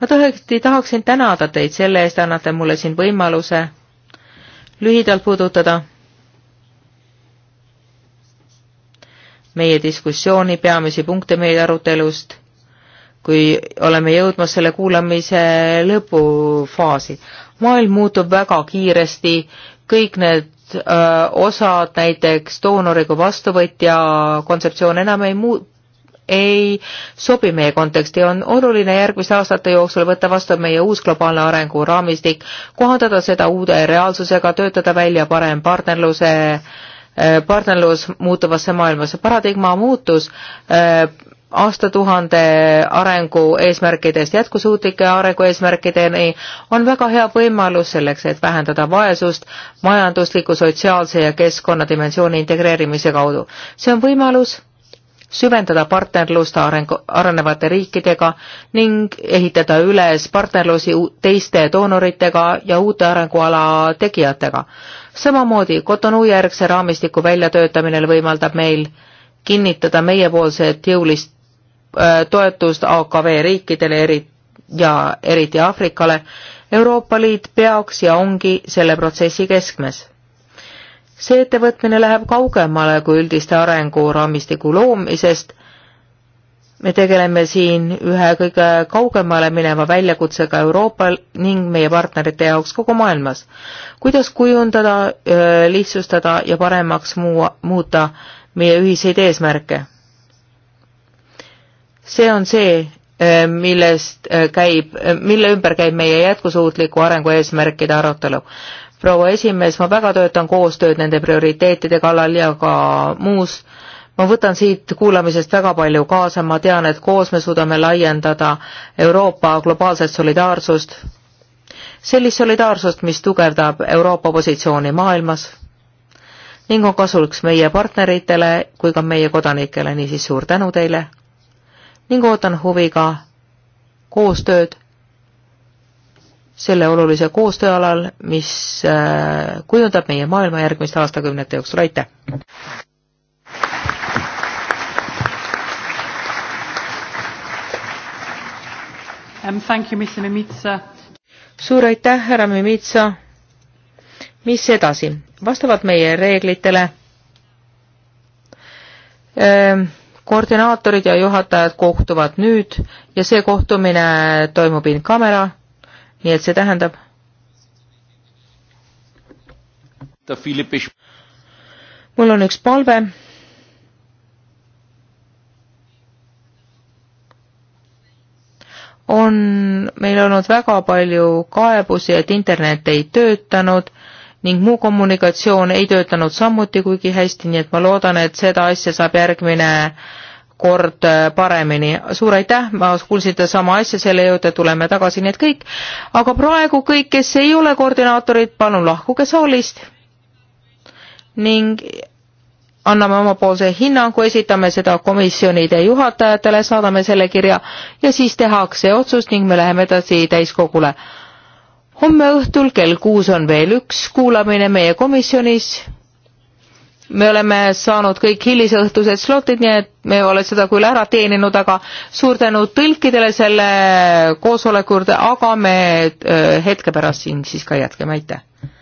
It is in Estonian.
ma tõesti tahaksin tänada teid selle eest, annate mulle siin võimaluse lühidalt puudutada meie diskussiooni peamisi punkte meie arutelust, kui oleme jõudmas selle kuulamise lõpufaasi. maailm muutub väga kiiresti, kõik need öö, osad, näiteks doonori kui vastuvõtja kontseptsioon enam ei muu-, ei sobi meie konteksti, on oluline järgmiste aastate jooksul võtta vastu meie uus globaalne arenguraamistik, kohandada seda uude reaalsusega, töötada välja parem partnerluse eh, partnerlus muutuvasse maailmasse. paradigma muutus eh, aastatuhande arengu eesmärkidest jätkusuutlike arengu eesmärkideni on väga hea võimalus selleks, et vähendada vaesust majandusliku, sotsiaalse ja keskkonnadimensiooni integreerimise kaudu. see on võimalus süvendada partnerlust arengu, arenevate riikidega ning ehitada üles partnerlusi teiste doonoritega ja uute arenguala tegijatega. samamoodi Cotonou järgse raamistiku väljatöötamine võimaldab meil kinnitada meiepoolset jõulist äh, toetust AKV riikidele eri, ja eriti Aafrikale, Euroopa Liit peaks ja ongi selle protsessi keskmes see ettevõtmine läheb kaugemale kui üldiste arenguraamistiku loomisest. me tegeleme siin ühe kõige kaugemale mineva väljakutsega Euroopal ning meie partnerite jaoks kogu maailmas. kuidas kujundada, lihtsustada ja paremaks muua, muuta meie ühiseid eesmärke? see on see, Äh, millest äh, käib, äh, mille ümber käib meie jätkusuutliku arengu eesmärkide arutelu. proua esimees, ma väga töötan koostööd nende prioriteetide kallal ja ka muus. ma võtan siit kuulamisest väga palju kaasa, ma tean, et koos me suudame laiendada Euroopa globaalset solidaarsust, sellist solidaarsust, mis tugevdab Euroopa positsiooni maailmas ning on kasuks meie partneritele kui ka meie kodanikele, niisiis suur tänu teile ning ootan huviga koostööd selle olulise koostöö alal, mis äh, kujundab meie maailma järgmiste aastakümnete jooksul, aitäh! Um, suur aitäh, härra Mimitsa! mis edasi? vastavalt meie reeglitele öö, ähm, koordinaatorid ja juhatajad kohtuvad nüüd ja see kohtumine toimub in camera, nii et see tähendab mul on üks palve. on meil olnud väga palju kaebusi, et internet ei töötanud ning muu kommunikatsioon ei töötanud samuti kuigi hästi, nii et ma loodan, et seda asja saab järgmine kord äh, paremini. suur aitäh, ma kuulsin sedasama asja, selle juurde tuleme tagasi, nii et kõik. aga praegu kõik, kes ei ole koordinaatorid, palun lahkuge saalist ning anname omapoolse hinnangu, esitame seda komisjonide juhatajatele, saadame selle kirja ja siis tehakse otsus ning me läheme edasi täiskogule homme õhtul kell kuus on veel üks kuulamine meie komisjonis me oleme saanud kõik hilisõhtused slotid, nii et me oleme seda küll ära teeninud, aga suur tänu tõlkidele selle koosoleku juurde, aga me äh, hetke pärast siin siis ka jätkame, aitäh!